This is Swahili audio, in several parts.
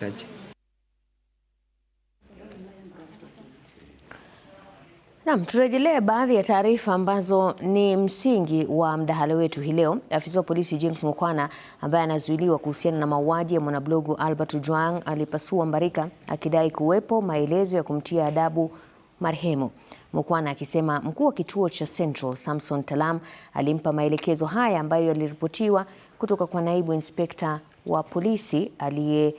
Kacha. Naam, turejelee baadhi ya taarifa ambazo ni msingi wa mdahalo wetu hii leo. Afisa wa polisi James mukwana ambaye anazuiliwa kuhusiana na mauaji ya mwanablogu Albert Ojwang alipasua mbarika akidai kuwepo maelezo ya kumtia adabu marehemu. mukwana akisema mkuu wa kituo cha Central Samson Talam alimpa maelekezo haya ambayo yaliripotiwa kutoka kwa naibu inspekta wa polisi aliye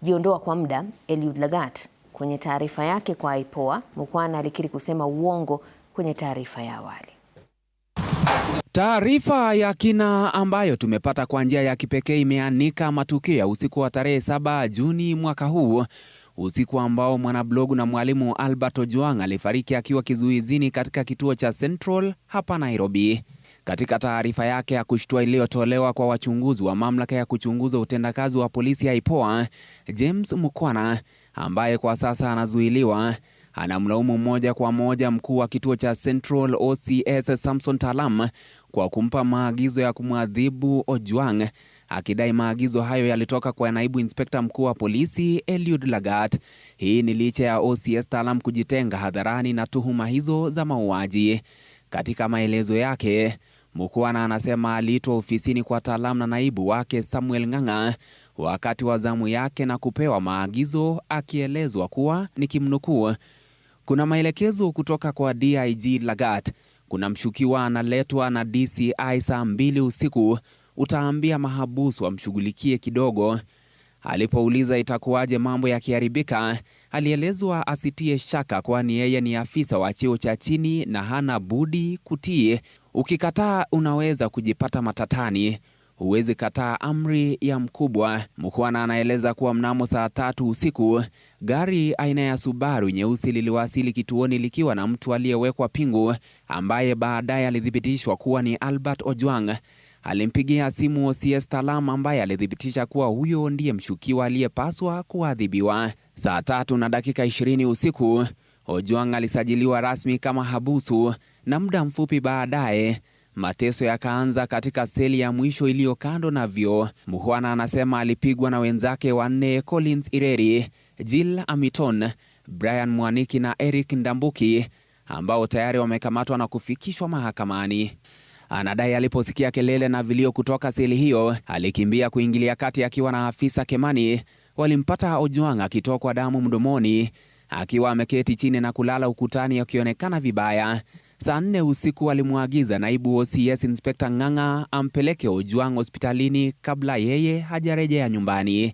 kujiondoa kwa muda Eliud Lagat. Kwenye taarifa yake kwa IPOA, mkwana alikiri kusema uongo kwenye taarifa ya awali. Taarifa ya kina ambayo tumepata kwa njia ya kipekee imeanika matukio ya usiku wa tarehe 7 Juni mwaka huu, usiku ambao mwanablogu na mwalimu Albert Ojwang alifariki akiwa kizuizini katika kituo cha Central hapa Nairobi. Katika taarifa yake ya kushtua iliyotolewa kwa wachunguzi wa mamlaka ya kuchunguza utendakazi wa polisi IPOA, James Mukwana ambaye kwa sasa anazuiliwa anamlaumu moja kwa moja mkuu wa kituo cha Central OCS Samson Talam kwa kumpa maagizo ya kumwadhibu Ojwang akidai maagizo hayo yalitoka kwa naibu inspekta mkuu wa polisi Eliud Lagat. Hii ni licha ya OCS Talam kujitenga hadharani na tuhuma hizo za mauaji. Katika maelezo yake, Mukwana anasema aliitwa ofisini kwa taalamu na naibu wake Samuel Ng'ang'a wakati wa zamu yake na kupewa maagizo, akielezwa kuwa nikimnukuu, kuna maelekezo kutoka kwa DIG Lagat, kuna mshukiwa analetwa na DCI saa mbili usiku, utaambia mahabusu amshughulikie kidogo. Alipouliza itakuwaje mambo yakiharibika, alielezwa asitie shaka, kwani yeye ni afisa wa cheo cha chini na hana budi kutii Ukikataa unaweza kujipata matatani. Huwezi kataa amri ya mkubwa. Mukhwana anaeleza kuwa mnamo saa tatu usiku gari aina ya Subaru nyeusi liliwasili kituoni likiwa na mtu aliyewekwa pingu ambaye baadaye alithibitishwa kuwa ni Albert Ojwang. Alimpigia simu OCS Talam ambaye alithibitisha kuwa huyo ndiye mshukiwa aliyepaswa kuadhibiwa. Saa tatu na dakika ishirini usiku Ojwang alisajiliwa rasmi kama habusu na muda mfupi baadaye mateso yakaanza katika seli ya mwisho iliyo kando na vyoo. Muhwana anasema alipigwa na wenzake wanne Collins Ireri, Jill Amiton, Brian Mwaniki na Eric Ndambuki ambao tayari wamekamatwa na kufikishwa mahakamani. Anadai aliposikia kelele na vilio kutoka seli hiyo alikimbia kuingilia kati akiwa na afisa Kemani. Walimpata Ojwang akitokwa damu mdomoni akiwa ameketi chini na kulala ukutani akionekana vibaya. Saa nne usiku alimwagiza naibu OCS Inspekta Ng'ang'a ampeleke Ojwang hospitalini kabla yeye hajarejea nyumbani.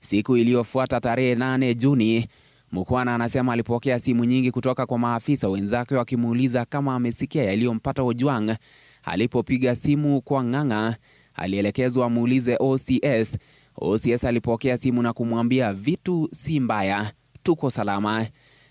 Siku iliyofuata tarehe 8 Juni, Mukwana anasema alipokea simu nyingi kutoka kwa maafisa wenzake wakimuuliza kama amesikia yaliyompata Ojwang. Alipopiga simu kwa Ng'ang'a, alielekezwa amuulize OCS. OCS alipokea simu na kumwambia vitu si mbaya tuko salama.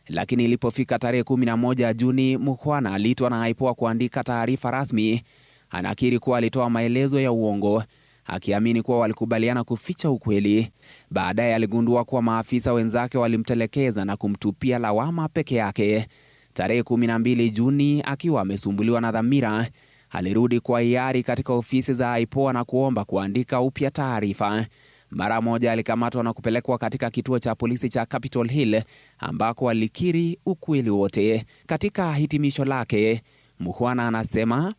Lakini ilipofika tarehe 11 Juni, Mukhwana aliitwa na IPOA kuandika taarifa rasmi. Anakiri kuwa alitoa maelezo ya uongo akiamini kuwa walikubaliana kuficha ukweli. Baadaye aligundua kuwa maafisa wenzake walimtelekeza na kumtupia lawama peke yake. Tarehe 12 Juni, akiwa amesumbuliwa na dhamira, alirudi kwa hiari katika ofisi za IPOA na kuomba kuandika upya taarifa. Mara moja alikamatwa na kupelekwa katika kituo cha polisi cha Capitol Hill ambako alikiri ukweli wote. Katika hitimisho lake, Mukhwana anasema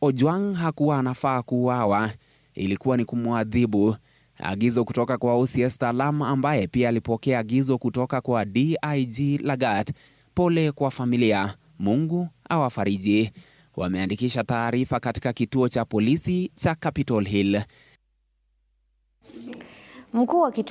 Ojwang hakuwa anafaa kuuawa, ilikuwa ni kumwadhibu. Agizo kutoka kwa OCS Talam ambaye pia alipokea agizo kutoka kwa DIG Lagat. Pole kwa familia, Mungu awafariji. Wameandikisha taarifa katika kituo cha polisi cha Capitol Hill. Mkuu wa kituo